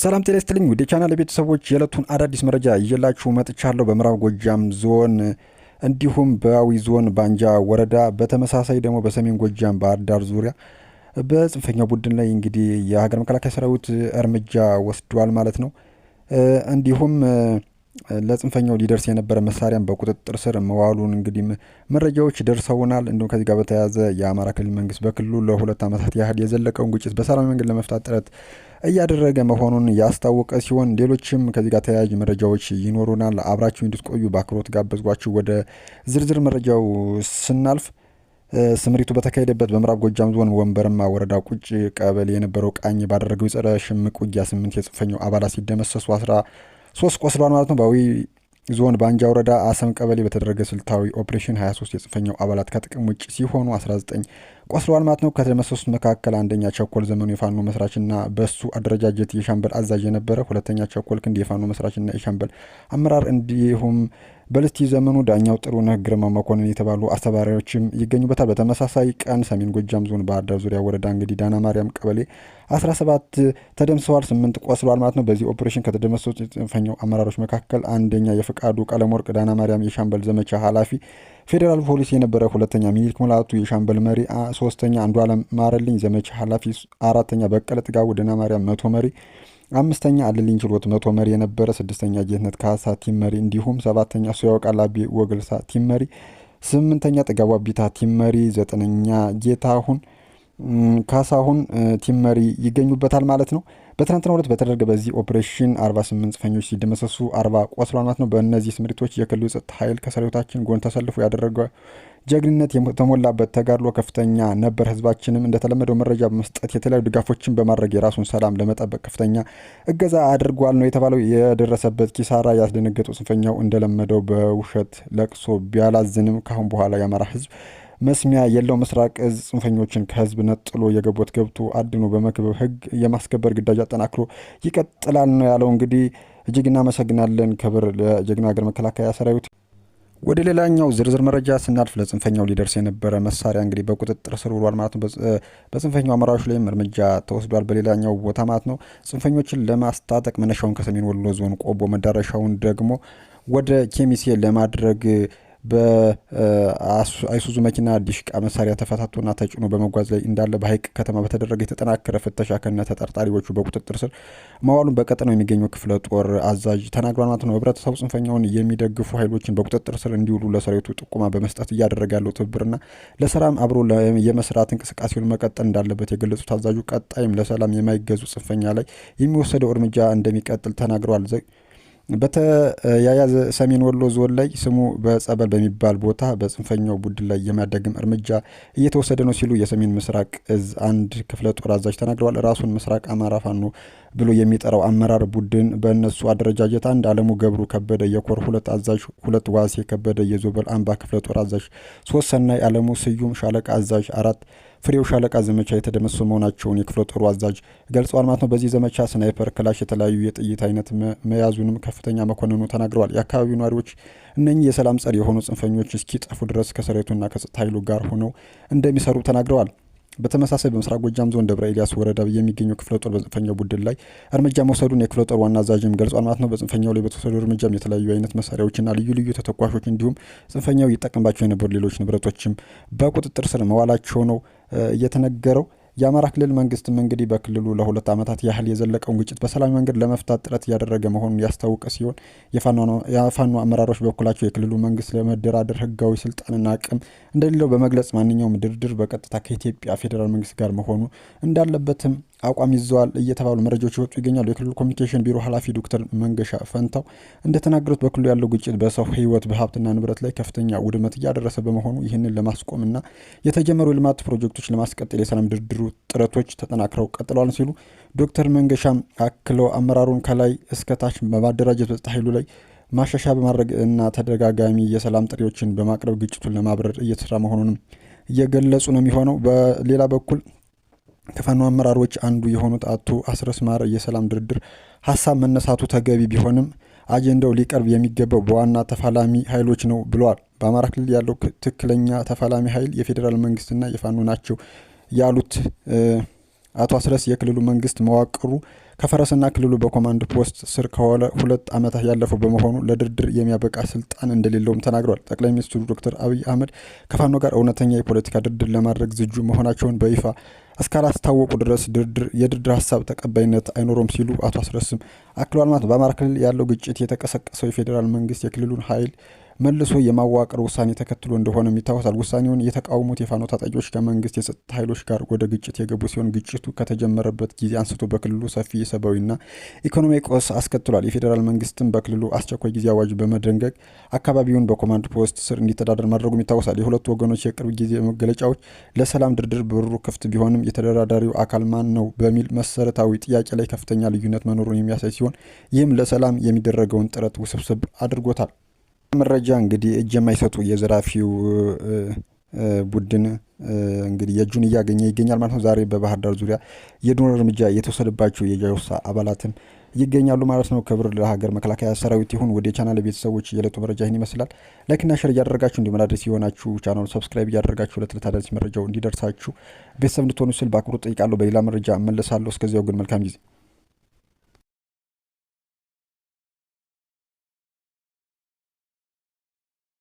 ሰላም ጤና ይስጥልኝ ውድ የቻናል ቤተሰቦች፣ የዕለቱን አዳዲስ መረጃ ይዤላችሁ መጥቻለሁ። በምዕራብ ጎጃም ዞን እንዲሁም በአዊ ዞን ባንጃ ወረዳ፣ በተመሳሳይ ደግሞ በሰሜን ጎጃም ባህር ዳር ዙሪያ በጽንፈኛው ቡድን ላይ እንግዲህ የሀገር መከላከያ ሰራዊት እርምጃ ወስዷል ማለት ነው። እንዲሁም ለጽንፈኛው ሊደርስ የነበረ መሳሪያን በቁጥጥር ስር መዋሉን እንግዲህ መረጃዎች ደርሰውናል። እንዲሁም ከዚህ ጋር በተያያዘ የአማራ ክልል መንግስት በክልሉ ለሁለት ዓመታት ያህል የዘለቀውን ግጭት በሰላማዊ መንገድ ለመፍታት ጥረት እያደረገ መሆኑን ያስታወቀ ሲሆን ሌሎችም ከዚህ ጋር ተያያዥ መረጃዎች ይኖሩናል። አብራችሁ እንድትቆዩ በአክብሮት ጋበዝኳችሁ። ወደ ዝርዝር መረጃው ስናልፍ ስምሪቱ በተካሄደበት በምዕራብ ጎጃም ዞን ወንበርማ ወረዳ ቁጭ ቀበሌ የነበረው ቃኝ ባደረገው የጸረ ሽምቅ ውጊያ ስምንት የጽንፈኛው አባላት ሲደመሰሱ አስራ ሶስት ቆስሏል ማለት ነው። በአዊ ዞን በአንጃ ወረዳ አሰም ቀበሌ በተደረገ ስልታዊ ኦፕሬሽን 23 የጽንፈኛው አባላት ከጥቅም ውጭ ሲሆኑ 19 ቆስለዋል ማለት ነው። ከተደመሰሱት መካከል አንደኛ ቸኮል ዘመኑ የፋኖ መስራችና በሱ አደረጃጀት የሻምበል አዛዥ የነበረ፣ ሁለተኛ ቸኮል ክንድ የፋኖ መስራችና የሻምበል አመራር እንዲሁም በልስቲ ዘመኑ፣ ዳኛው ጥሩነህ ግርማ መኮንን የተባሉ አስተባባሪዎችም ይገኙበታል። በተመሳሳይ ቀን ሰሜን ጎጃም ዞን ባህር ዳር ዙሪያ ወረዳ እንግዲህ ዳና ማርያም ቀበሌ 17 ተደምሰዋል፣ ስምንት ቆስሏል ማለት ነው። በዚህ ኦፕሬሽን ከተደመሰሱት ጽንፈኛው አመራሮች መካከል አንደኛ የፈቃዱ ቀለመወርቅ ዳና ማርያም የሻምበል ዘመቻ ኃላፊ ፌዴራል ፖሊስ የነበረ፣ ሁለተኛ ሚኒልክ ሙላቱ የሻምበል መሪ፣ ሶስተኛ አንዱ አለም ማረልኝ ዘመቻ ኃላፊ፣ አራተኛ በቀለ ጥጋቡ ዳና ማርያም መቶ መሪ አምስተኛ አለልኝ ችሎት መቶ መሪ የነበረ፣ ስድስተኛ ጌትነት ካሳ ቲም መሪ፣ እንዲሁም ሰባተኛ ሱያው ቃላቢ ወገልሳ ቲም መሪ፣ ስምንተኛ ጥጋቡ ቢታ ቲም መሪ፣ ዘጠነኛ ጌታሁን ካሳሁን ቲም መሪ ይገኙበታል ማለት ነው። በትናንትናው ዕለት በተደረገ በዚህ ኦፕሬሽን 48 ጽንፈኞች ሲደመሰሱ 40 ቆስሏል ማለት ነው። በእነዚህ ስምሪቶች የክልሉ ጸጥታ ኃይል ከሰራዊታችን ጎን ተሰልፎ ያደረገ ጀግንነት የተሞላበት ተጋድሎ ከፍተኛ ነበር። ህዝባችንም እንደተለመደው መረጃ በመስጠት የተለያዩ ድጋፎችን በማድረግ የራሱን ሰላም ለመጠበቅ ከፍተኛ እገዛ አድርጓል ነው የተባለው። የደረሰበት ኪሳራ ያስደነገጠው ጽንፈኛው እንደለመደው በውሸት ለቅሶ ቢያላዝንም ካሁን በኋላ የአማራ ህዝብ መስሚያ የለው ምስራቅ እዝ ጽንፈኞችን ከህዝብ ነጥሎ የገቦት ገብቶ አድኖ በመክበብ ህግ የማስከበር ግዳጅ አጠናክሮ ይቀጥላል ነው ያለው። እንግዲህ እጅግ እናመሰግናለን። ክብር ለጀግና ሀገር መከላከያ ሰራዊት። ወደ ሌላኛው ዝርዝር መረጃ ስናልፍ ለጽንፈኛው ሊደርስ የነበረ መሳሪያ እንግዲህ በቁጥጥር ስር ውሏል ማለት ነው። በጽንፈኛው አመራሮች ላይም እርምጃ ተወስዷል። በሌላኛው ቦታ ማለት ነው ጽንፈኞችን ለማስታጠቅ መነሻውን ከሰሜን ወሎ ዞን ቆቦ መዳረሻውን ደግሞ ወደ ኬሚሴ ለማድረግ በአይሱዙ መኪና አዲስ ቃ መሳሪያ ተፈታቶና ተጭኖ በመጓዝ ላይ እንዳለ በሀይቅ ከተማ በተደረገ የተጠናከረ ፍተሻ ከነ ተጠርጣሪዎቹ በቁጥጥር ስር መዋሉን በቀጠናው የሚገኘው ክፍለ ጦር አዛዥ ተናግሯል ማለት ነው። ህብረተሰቡ ጽንፈኛውን የሚደግፉ ኃይሎችን በቁጥጥር ስር እንዲውሉ ለሰራዊቱ ጥቁማ በመስጠት እያደረገ ያለው ትብብርና ለሰላም አብሮ የመስራት እንቅስቃሴውን መቀጠል እንዳለበት የገለጹት አዛዡ ቀጣይም ለሰላም የማይገዙ ጽንፈኛ ላይ የሚወሰደው እርምጃ እንደሚቀጥል ተናግረዋል። በተያያዘ ሰሜን ወሎ ዞን ላይ ስሙ በጸበል በሚባል ቦታ በጽንፈኛው ቡድን ላይ የማደግም እርምጃ እየተወሰደ ነው ሲሉ የሰሜን ምስራቅ እዝ አንድ ክፍለ ጦር አዛዥ ተናግረዋል። ራሱን ምስራቅ አማራ ፋኖ ብሎ የሚጠራው አመራር ቡድን በእነሱ አደረጃጀት አንድ አለሙ ገብሩ ከበደ የኮር ሁለት አዛዥ፣ ሁለት ዋሴ ከበደ የዞበል አምባ ክፍለ ጦር አዛዥ፣ ሶስት ሰናይ አለሙ ስዩም ሻለቃ አዛዥ፣ አራት ፍሬው ሻለቃ ዘመቻ የተደመሰሱ መሆናቸውን የክፍለ ጦሩ አዛዥ ገልጸዋል ማለት ነው። በዚህ ዘመቻ ስናይፐር፣ ክላሽ፣ የተለያዩ የጥይት አይነት መያዙንም ከፍተኛ መኮንኑ ተናግረዋል። የአካባቢው ነዋሪዎች እነኚህ የሰላም ጸር የሆኑ ጽንፈኞች እስኪጠፉ ድረስ ከሰራዊቱና ከጸጥታ ኃይሉ ጋር ሆነው እንደሚሰሩ ተናግረዋል። በተመሳሳይ በምስራቅ ጎጃም ዞን ደብረ ኤልያስ ወረዳ የሚገኘ ክፍለ ጦር በጽንፈኛው ቡድን ላይ እርምጃ መውሰዱን የክፍለ ጦር ዋና አዛዥም ገልጿል ማለት ነው። በጽንፈኛው ላይ በተወሰዱ እርምጃም የተለያዩ አይነት መሳሪያዎችና ልዩ ልዩ ተተኳሾች እንዲሁም ጽንፈኛው ይጠቀምባቸው የነበሩ ሌሎች ንብረቶችም በቁጥጥር ስር መዋላቸው ነው እየተነገረው። የአማራ ክልል መንግስትም እንግዲህ በክልሉ ለሁለት ዓመታት ያህል የዘለቀውን ግጭት በሰላማዊ መንገድ ለመፍታት ጥረት እያደረገ መሆኑን ያስታወቀ ሲሆን የፋኖ አመራሮች በኩላቸው የክልሉ መንግስት ለመደራደር ህጋዊ ስልጣንና አቅም እንደሌለው በመግለጽ ማንኛውም ድርድር በቀጥታ ከኢትዮጵያ ፌዴራል መንግስት ጋር መሆኑ እንዳለበትም አቋም ይዘዋል እየተባሉ መረጃዎች ይወጡ ይገኛሉ። የክልሉ ኮሚኒኬሽን ቢሮ ኃላፊ ዶክተር መንገሻ ፈንታው እንደተናገሩት በክልሉ ያለው ግጭት በሰው ህይወት በሀብትና ንብረት ላይ ከፍተኛ ውድመት እያደረሰ በመሆኑ ይህንን ለማስቆምና የተጀመሩ የልማት ፕሮጀክቶች ለማስቀጠል የሰላም ድርድሩ ጥረቶች ተጠናክረው ቀጥለዋል ሲሉ ዶክተር መንገሻም አክለው አመራሩን ከላይ እስከታች በማደራጀት በጸጥታ ኃይሉ ላይ ማሻሻያ በማድረግ እና ተደጋጋሚ የሰላም ጥሪዎችን በማቅረብ ግጭቱን ለማብረር እየተሰራ መሆኑንም እየገለጹ ነው የሚሆነው። በሌላ በኩል ከፋኖ አመራሮች አንዱ የሆኑት አቶ አስረስ ማረ የሰላም ድርድር ሀሳብ መነሳቱ ተገቢ ቢሆንም አጀንዳው ሊቀርብ የሚገባው በዋና ተፋላሚ ኃይሎች ነው ብለዋል። በአማራ ክልል ያለው ትክክለኛ ተፋላሚ ኃይል የፌዴራል መንግስትና የፋኖ ናቸው ያሉት አቶ አስረስ የክልሉ መንግስት መዋቅሩ ከፈረሰና ክልሉ በኮማንድ ፖስት ስር ከዋለ ሁለት ዓመታት ያለፈው በመሆኑ ለድርድር የሚያበቃ ስልጣን እንደሌለውም ተናግሯል። ጠቅላይ ሚኒስትሩ ዶክተር አብይ አህመድ ከፋኖ ጋር እውነተኛ የፖለቲካ ድርድር ለማድረግ ዝጁ መሆናቸውን በይፋ እስካላስታወቁ ድረስ ድርድር የድርድር ሀሳብ ተቀባይነት አይኖረም ሲሉ አቶ አስረስም አክለዋል። ማለት በአማራ ክልል ያለው ግጭት የተቀሰቀሰው የፌዴራል መንግስት የክልሉን ኃይል መልሶ የማዋቀር ውሳኔ ተከትሎ እንደሆነም ይታወሳል። ውሳኔውን የተቃወሙት የፋኖ ታጣቂዎች ከመንግስት የጸጥታ ኃይሎች ጋር ወደ ግጭት የገቡ ሲሆን ግጭቱ ከተጀመረበት ጊዜ አንስቶ በክልሉ ሰፊ ሰብአዊና ኢኮኖሚያዊ ቀውስ አስከትሏል። የፌዴራል መንግስትም በክልሉ አስቸኳይ ጊዜ አዋጅ በመደንገግ አካባቢውን በኮማንድ ፖስት ስር እንዲተዳደር ማድረጉም ይታወሳል። የሁለቱ ወገኖች የቅርብ ጊዜ መገለጫዎች ለሰላም ድርድር በሩ ክፍት ቢሆንም የተደራዳሪው አካል ማን ነው በሚል መሰረታዊ ጥያቄ ላይ ከፍተኛ ልዩነት መኖሩን የሚያሳይ ሲሆን ይህም ለሰላም የሚደረገውን ጥረት ውስብስብ አድርጎታል። መረጃ እንግዲህ እጅ የማይሰጡ የዘራፊው ቡድን እንግዲህ የእጁን እያገኘ ይገኛል ማለት ነው። ዛሬ በባህር ዳር ዙሪያ የድሮን እርምጃ የተወሰደባቸው የጃውሳ አባላትም ይገኛሉ ማለት ነው። ክብር ለሀገር መከላከያ ሰራዊት ይሁን። ወደ ቻናል ቤተሰቦች የዕለቱ መረጃ ይህን ይመስላል። ላይክና ሸር እያደረጋችሁ እንዲሁም የሆናችሁ ቻናሉ ሰብስክራይብ እያደረጋችሁ ዕለት ዕለት አዳዲስ መረጃው እንዲደርሳችሁ ቤተሰብ እንድትሆኑ ስል በአክብሮት ጠይቃለሁ። በሌላ መረጃ እመለሳለሁ። እስከዚያው ግን መልካም ጊዜ